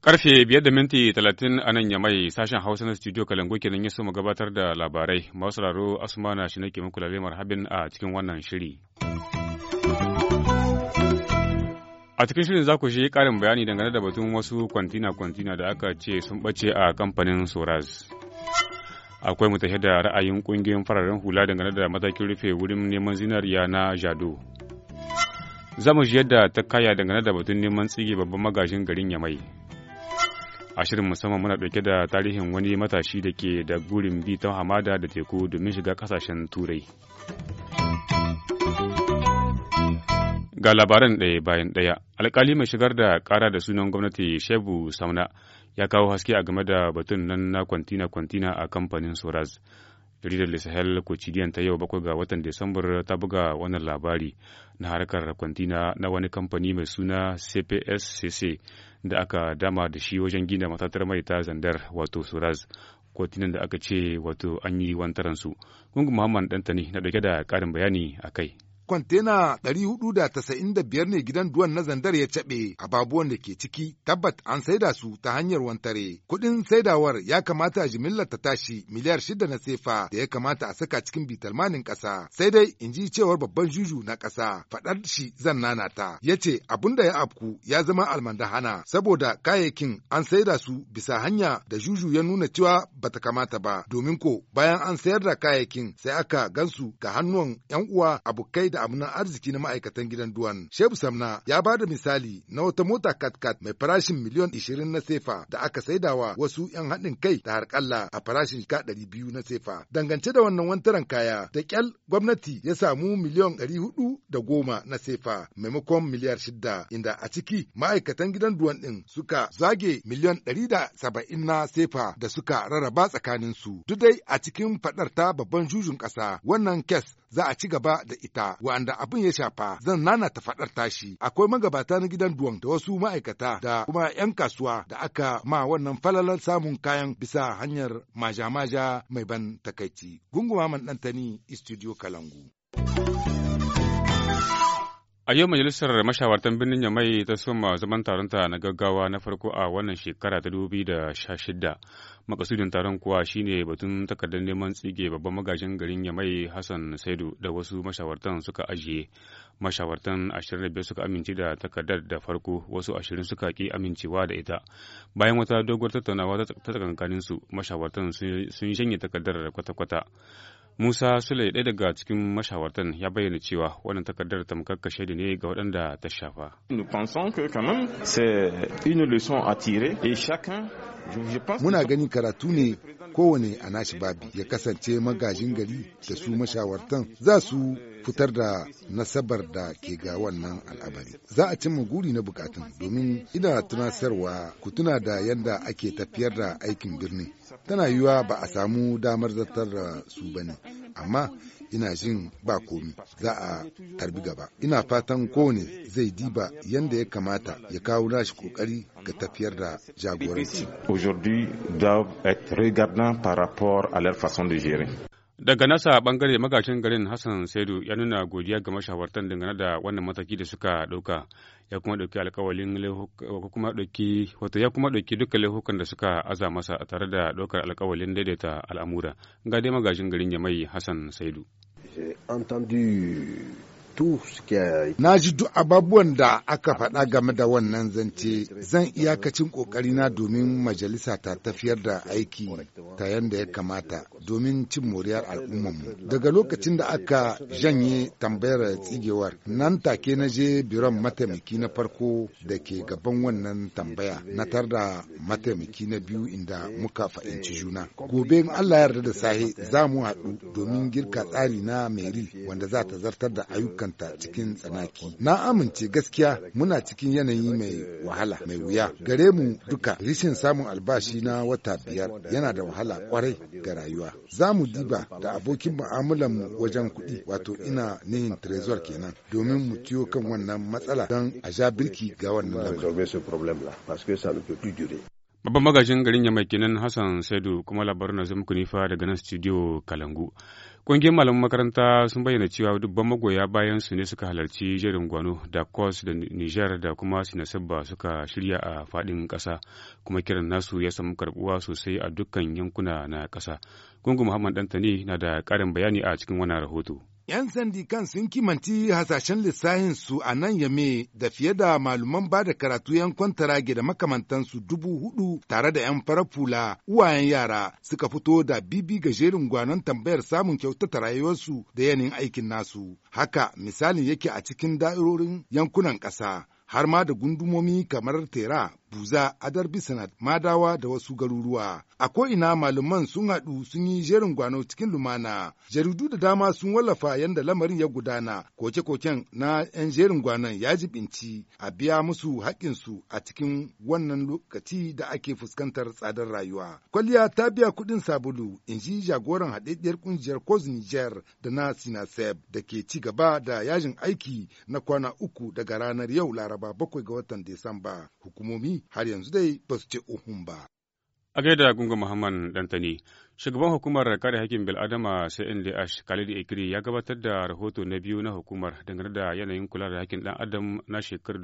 Karfe biyar da minti talatin a nan mai sashen Hausa na studio Kalangu kenan ya so mu gabatar da labarai. Masu sauraro Asmana shi nake muku lalemar habin a cikin wannan shiri. A cikin shirin za ku shi ƙarin bayani dangane da batun wasu kwantina-kwantina da aka ce sun ɓace a kamfanin Soraz. akwai mu tafiya da ra'ayin kungiyoyin fararen hula dangane da matakin rufe wurin neman zinariya na jado zamu mu ji yadda ta kaya dangane da batun neman tsige babban magajin garin yamai a shirin musamman muna dauke da tarihin wani matashi da ke da gurin bi ta hamada da teku domin shiga kasashen turai ga labaran ɗaya bayan ɗaya alkali mai shigar da kara da sunan gwamnati shebu samna ya kawo haske a game da batun nan na kwantina kwantina a kamfanin Soraz. Jaridar Le Sahel ta yau bakwai ga watan Desambar ta buga wannan labari na harkar kwantina na wani kamfani mai suna CPSCC da aka dama da shi wajen gina matatar mai ta zandar wato Soraz kwantinan da aka ce wato an yi wantaransu. Gungun Muhammad Dantani na dauke da ƙarin bayani a kai. kwantena 495 ne gidan duwan na zandar ya caɓe ababuwan da ke ciki tabbat an saida su ta hanyar wantare kuɗin saidawar ya kamata jimillar ta tashi miliyar shida na sefa da ya kamata a saka cikin bitalmanin ƙasa sai dai in ji cewar babban juju na ƙasa faɗar shi zan nana ta ya ce abin da ya afku ya zama almandahana saboda kayayyakin an saida su bisa hanya da juju ya nuna cewa bata kamata ba domin ko bayan an sayar da kayayyakin sai aka gansu ga hannuwan 'yan uwa abokai da amunan arziki na ma'aikatan gidan Duwan. Shebu Samna ya ba da misali na wata mota katkat mai farashin miliyon 20 na sefa da aka saidawa wasu 'yan haɗin kai da harƙalla a farashin ka 200 na sefa. Dangance da wannan wantaran kaya, da ƙyal gwamnati ya samu miliyon 410 na sefa maimakon miliyar shidda, inda a ciki ma'aikatan gidan Duwan ɗin suka zage miliyon 170 na sefa da suka rarraba tsakaninsu. Duk dai a cikin faɗarta babban jujun ƙasa wannan kes za a ci gaba da ita wanda abin ya shafa zan nana ta faɗar tashi akwai magabata na gidan duwan da wasu ma'aikata da kuma 'yan kasuwa da aka ma wannan falalar samun kayan bisa hanyar maja-maja mai ban takaici gunguma man ɗantani studio kalangu. A yau majalisar mashawartan birnin mai ta soma zaman taronta na gaggawa na farko a wannan shekara ta shida. makasudin taron kuwa shine batun takardar neman tsige babban magajin garin yamai hassan saidu da wasu mashawartan suka ajiye mashawartan 25 suka amince da takardar da farko wasu 20 suka ki amincewa da ita bayan wata doguwar tattaunawa ta tsakankaninsu mashawartan sun shanye takardar kwata-kwata Musa Sule ɗaya daga cikin mashawartan ya bayyana cewa wannan takardar tamkar kashe ne ga waɗanda ta shafa. Muna gani karatu ne kowane a nashi babi ya kasance magajin gari da su mashawartan za su fitar da nasabar da ke ga wannan al'amari za a cimma guri na bukatun domin ina tunasarwa ku tuna da yadda ake tafiyar da aikin birni tana yiwuwa ba a samu damar zartar da su bane amma ina jin ba komi za a tarbi gaba ina fatan kowane zai diba yadda ya kamata ya kawo nashi kokari ga tafiyar da jagoranci da Daga nasa bangare magashin garin Hassan Saidu ya nuna godiya ga mashawartan dangane da wannan mataki da suka ɗauka ya kuma ɗauki alkawalin kuma ɗauki wato ya kuma ɗauki dukkan laifukan da suka aza masa a tare da ɗaukar alkawalin daidaita al'amura. Ga dai magashin garin ya mai Hassan Saidu. tu suke na ji duk ababuwan da aka faɗa game da wannan zance zan iyakacin ƙoƙarina domin majalisa ta tafiyar da aiki ta yanda ya kamata domin cin moriyar al'ummanmu daga lokacin da aka janye tambayar tsigewar nan take na je biron mataimaki na farko da ke gaban wannan tambaya na tar da mataimaki na biyu inda muka fahimci juna gobe in allah yarda da sahe za mu haɗu domin girka tsari na meri wanda za ta zartar da ayyuka ayyukanta cikin tsanaki. Na amince gaskiya muna cikin yanayi mai wahala mai wuya. Gare mu duka rishin samun albashi na wata biyar yana da wahala kwarai ga rayuwa. Za mu diba da abokin mu'amalan mu wajen kuɗi wato ina nihin trezor kenan domin mu ciyo kan wannan matsala don a ja birki ga wannan Babban magajin garin Yamai kenan Hassan Saidu kuma labarin na zama daga nan studio Kalangu. Ƙungiyar malaman makaranta sun bayyana cewa dubban magoya bayan su ne suka halarci jerin gwano da kos da Nijar da kuma Sinasabba suka shirya a faɗin ƙasa kuma kiran nasu ya samu karbuwa sosai a dukkan yankuna na ƙasa. Gungun Muhammad Dantani na da ƙarin bayani a cikin wannan rahoto. ‘Yan sandi kan sun kimanti hasashen lissahin su a nan yame da fiye da maluman ba da karatu yan kwantarage da makamantansu dubu hudu tare da ‘yan farar fula uwayen yara suka fito da bibi gajerin gwanon tambayar samun kyautata rayuwarsu da yanin aikin nasu. Haka misalin yake a cikin da'irorin yankunan ƙasa. har ma da gundumomi kamar tera buza a darbi bisanat madawa da wasu garuruwa a ko'ina malaman sun haɗu sun yi jerin gwano cikin lumana jaridu da dama sun wallafa yadda lamarin ya gudana koke-koken na 'yan jerin gwanon ya jibinci a biya musu su a cikin wannan lokaci da ake fuskantar tsadar rayuwa kwalliya ta biya kuɗin sabulu in ji jagoran haɗaɗɗiyar ƙungiyar cos niger da na sinaseb da ke ci gaba da yajin aiki na kwana uku daga ranar yau laraba bakwai ga watan desamba hukumomi har yanzu dai ba su ce uhun ba. A gaida gungun Muhammad Dantani, shugaban hukumar kare hakkin bil'adama ash Khalid Ikri ya gabatar da rahoto na biyu na hukumar dangane da yanayin kula da hakkin ɗan adam na shekarar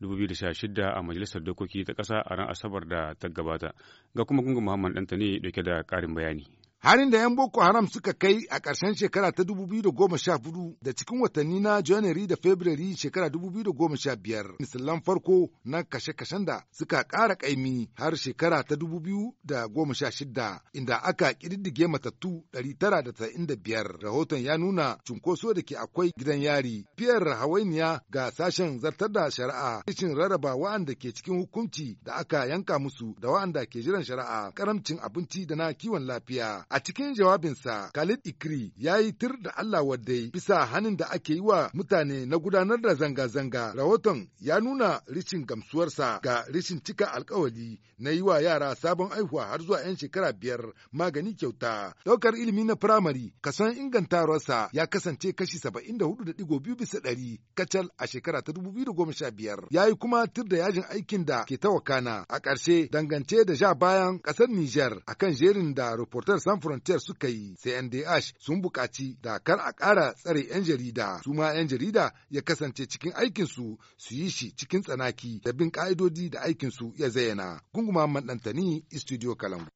2015-2016 a majalisar dokoki ta ƙasa a ran asabar da ta gabata. Ga kuma gungun Muhammad Dantani ɗauke da karin bayani. Harin da 'yan Boko Haram suka kai a ƙarshen shekara ta 2014 da cikin watanni na Janairu da Fabrairu shekara 2015 misalan farko na kashe-kashen da suka ƙara ƙaimi har shekara ta 2016 inda aka ƙididdige matattu 995. Rahoton ya nuna cunkoso da ke akwai gidan yari, fiyar hawainiya ga sashen zartar da shari'a, kicin rarraba wa'anda ke cikin hukunci da aka yanka musu da wa'anda ke jiran shari'a, karamcin abinci da na kiwon lafiya. A cikin jawabinsa, Khalid Ikri ya yi tir da Allah waddai bisa hanin da ake yi wa mutane na gudanar da zanga-zanga. Rahoton ya nuna rishin gamsuwarsa ga rishin cika alkawali na yi wa yara sabon aihuwa har zuwa 'yan shekara biyar magani kyauta. Daukar ilimi na firamare, kason ingantawarsa ya kasance kashi saba'in da hudu da digo bisa ɗari kacal a shekara ta dubu biyu da goma sha biyar. Ya yi kuma tir da yajin aikin da ke tawakana a ƙarshe dangance da ja bayan ƙasar Nijar akan jerin da reporter San Frontier suka yi sai CNDH sun buƙaci da kar a ƙara tsare 'yan jarida su ma 'yan jarida ya kasance cikin aikinsu su yi shi cikin tsanaki da bin ƙa'idodi da aikinsu ya zayyana. Gunguma Mandantani, Studio Kalangu.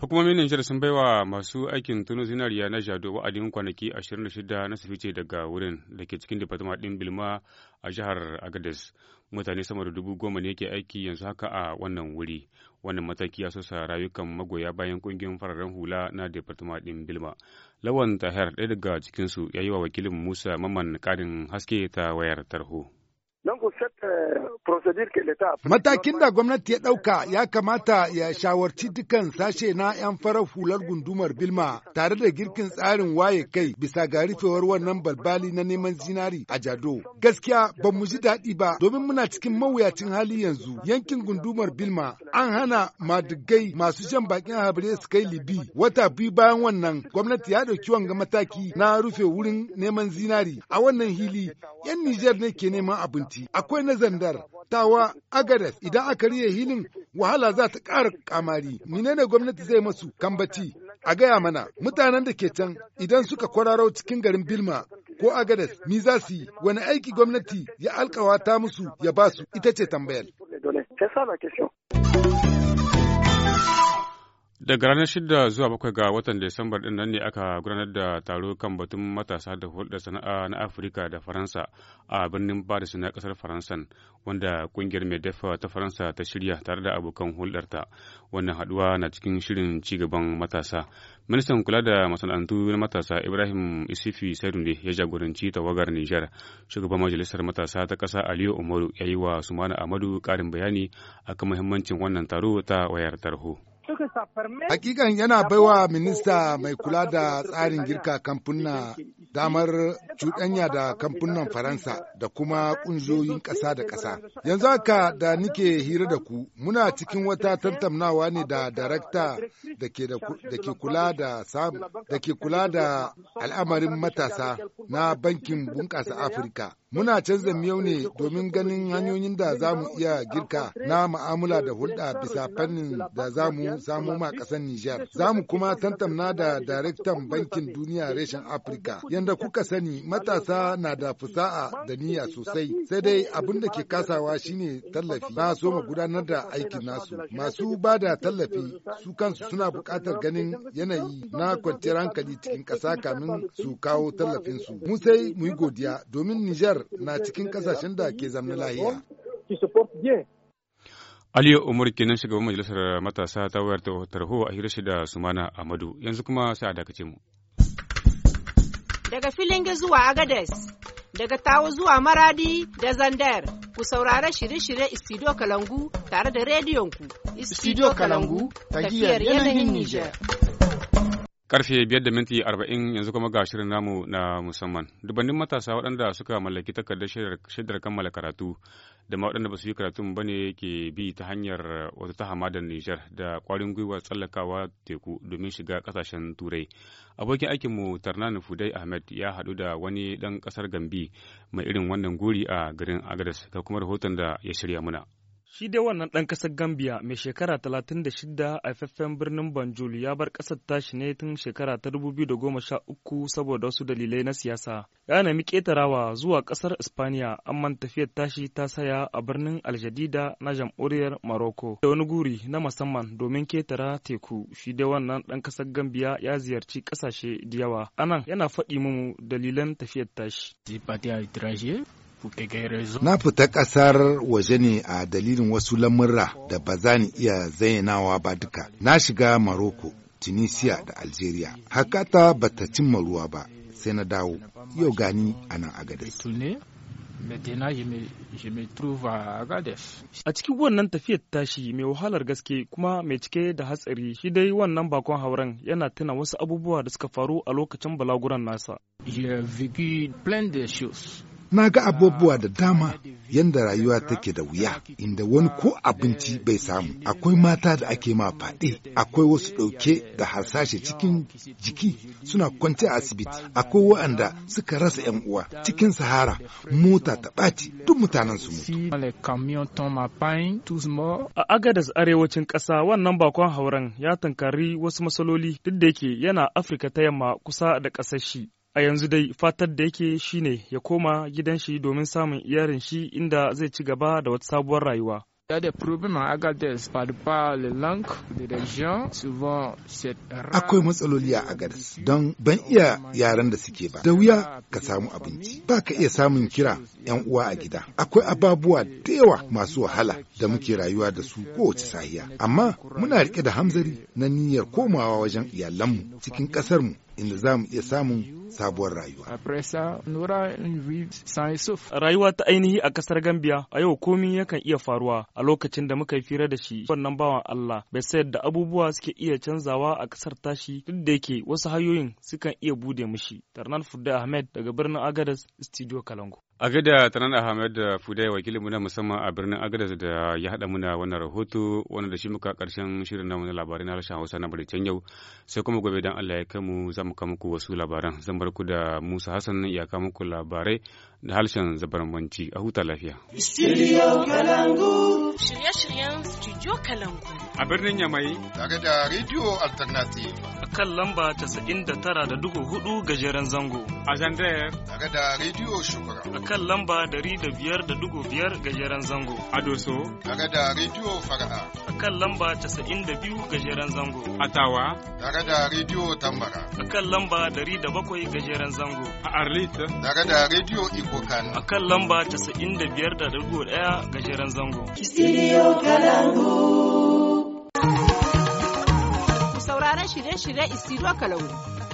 Hukumomin Nijar sun baiwa masu aikin tunu zinariya na Jado wa'adin kwanaki 26 na su fice daga wurin da ke cikin Departement ɗin Bilma a jihar Agadez. Mutane sama da dubu goma ne ke aiki yanzu haka a wannan wuri. Wannan mataki ya sosa rayukan magoya bayan ƙungiyar fararen hula na Departement ɗin Bilma. Lawan Tahir ɗaya daga cikinsu ya yi wa wakilin Musa Maman ƙarin haske ta wayar tarho. Matakin da gwamnati ya ɗauka ya kamata ya shawarci dukan sashe na 'yan farar hular gundumar Bilma tare da girkin tsarin waye kai bisa ga rufewar wannan balbali na neman zinari a Jado. Gaskiya ba mu ji daɗi ba domin muna cikin mawuyacin hali yanzu yankin gundumar Bilma an hana madigai masu jan bakin habire su kai Libi wata biyu bayan wannan gwamnati ya ɗauki wanga mataki na rufe wurin neman zinari a wannan hili 'yan Nijar ne ke neman abinci akwai na zandar ta talakawa agadas idan aka riye hilin wahala za ta ƙara kamari ne gwamnati zai masu kambaci a gaya mana mutanen da ke can idan suka kwararo cikin garin bilma ko agadas mi za su yi wani aiki gwamnati ya alkawata musu ya basu ita ce tambayar. Daga ranar shida zuwa bakwai ga watan Disambar ɗin nan ne aka gudanar da taro kan batun matasa da hulɗar sana'a na Afirka da Faransa a birnin Paris na ƙasar Faransan wanda ƙungiyar mai dafa ta Faransa ta shirya tare da abokan hulɗarta. Wannan haɗuwa na cikin shirin cigaban matasa. Ministan kula da masana'antu na matasa Ibrahim Isifi Saidunde ya jagoranci tawagar Nijar. Shugaban majalisar matasa ta ƙasa Aliyu Umaru ya yi wa Sumana Amadu ƙarin bayani akan muhimmancin wannan taro ta wayar tarho. Hakikan yana baiwa minista mai kula da tsarin girka kamfuna damar cuɗanya da kamfunan Faransa da kuma ƙungiyoyin ƙasa da ƙasa. Yanzu haka da nike hira da ku, muna cikin wata tantamnawa ne da darakta da ke kula da da ke kula da al'amarin matasa na bankin bunƙasa Afirka. Muna canza miyau ne domin ganin hanyoyin da za mu iya girka na ma'amula da hulɗa bisa fannin da za mu samu ma ƙasar Nijar. Za mu kuma tantamna da daraktan bankin duniya reshen Afirka. Yanda kuka sani matasa na da fusa'a da niyya sosai. Sai dai abin da ke kasawa shine tallafi. ba so mu gudanar da aikin nasu. Masu ba da tallafi su kansu suna buƙatar ganin yanayi na kwanciyar hankali cikin ƙasa kamin su kawo tallafinsu. Mu sai mu yi godiya domin Nijar na cikin kasashen da ke zamna lahiya. Aliyu Umar kenan shugaban majalisar matasa ta wayar tarho a hirashi da Sumana Amadu yanzu kuma sai a dakace mu. Daga Filinge zuwa Agades, daga Tawo zuwa Maradi da Zandar, ku saurara shirye-shirye Istidiyo Kalangu tare da rediyonku. Istidiyo Kalangu, tafiyar yanayin Nijar. Karfe biyar da minti arba'in yanzu kuma ga shirin namu na musamman. Dubannin matasa waɗanda suka mallaki takardar shaidar kammala karatu da ma waɗanda ba su yi karatun ba ne ke bi ta hanyar wata ta hamadar Nijar da ƙwarin gwiwa tsallakawa teku domin shiga ƙasashen Turai. Abokin aikinmu Tarnan Fudai Ahmed ya haɗu da wani ɗan ƙasar Gambi mai irin wannan guri a garin Agadas ga kuma rahoton da ya shirya muna. Shi dai wannan ɗan ƙasar Gambia mai shekara 36 a faffen birnin Banjul ya bar ƙasar tashi ne tun shekara ta 2013 saboda wasu dalilai na siyasa. Ya nemi ƙetarawa zuwa ƙasar Espanya amma tafiyar tashi ta saya a birnin Aljadida na jam'uriyar maroko da wani guri na musamman domin ketara teku. Shi dai wannan ɗan ƙasar Gambia ya ziyarci ƙasashe da yawa. Anan yana faɗi mu dalilan tafiyar tashi. Na fita ƙasar waje ne a dalilin wasu lamurra da ba za ni iya zayyanawa ba duka. Na shiga Maroko, Tunisia da Algeria. Hakata ba ta cimma ruwa ba, sai na dawo. Yau gani a nan A cikin wannan tafiyar tashi mai wahalar gaske kuma mai cike da hatsari shi dai wannan bakon hauren yana tuna wasu abubuwa da suka faru a lokacin balaguran nasa. Na ga abubuwa da dama yadda rayuwa take da wuya, inda wani ko abinci bai samu. Akwai mata da ake ma faɗe, akwai wasu ɗauke da harsashe cikin jiki suna kwance a asibiti, akwai waɗanda suka rasa 'yan uwa cikin sahara, mota ta ɓaci duk mutanen su mutu. A agadas arewacin ƙasa wannan bakon hauren ya tankari wasu matsaloli duk da yake yana Afirka ta yamma kusa da ƙasar shi. a yanzu dai fatar da yake shine ya koma gidan shi domin samun iyarin shi inda zai ci gaba da wata sabuwar rayuwa Akwai matsaloli a Agadez don ban iya yaran da suke ba. Da wuya ka samu abinci. Ba ka iya samun kira 'yan uwa a gida. Akwai ababuwa da yawa masu wahala da muke rayuwa da su kowace sahiya. Amma muna riƙe da hamzari na niyyar komawa wajen iyalanmu cikin ƙasarmu inda za mu iya samun sabuwar rayuwa. Rayuwa ta ainihi a ƙasar Gambia a yau komi yakan iya faruwa a lokacin da muka yi fira da shi wannan bawan Allah bai sayar da abubuwa suke iya canzawa a ƙasar tashi duk da yake wasu hanyoyin sukan iya bude mushi. Tarnan Fudda Ahmed daga birnin Agadas, Studio Kalango. agada tanan ahmed da fudai wakilinmu na musamman a birnin agada da ya haɗa muna wannan rahoto wanda da shi muka karshen shirin namu na labarai na harshen hausa na baricen yau sai kuma gobe dan allah ya kai mu za mu muku wasu labaran zan bar ku da musa hassan ya kawo muku labarai da harshen zabarmanci a huta lafiya studio kalangu shirye-shiryen studio kalangu a birnin yamai tare da radio alternative a kan lamba 99.4 gajeren zango a zandayar tare da radio shukura kan lamba dari da biyar da dugu biyar gajeren zango. A Doso. Tare da Rediyo Fara'a. A kan lamba casa'in da biyu gajeren zango. A Tawa. Tare da Rediyo Tambara. A kan lamba dari da bakwai gajeren zango. A Arlita. Tare da Rediyo Ikokan. A kan lamba casa'in da biyar da dugu ɗaya gajeren zango. Studio Kalangu. Sauraron shirye-shirye Isiro Kalangu.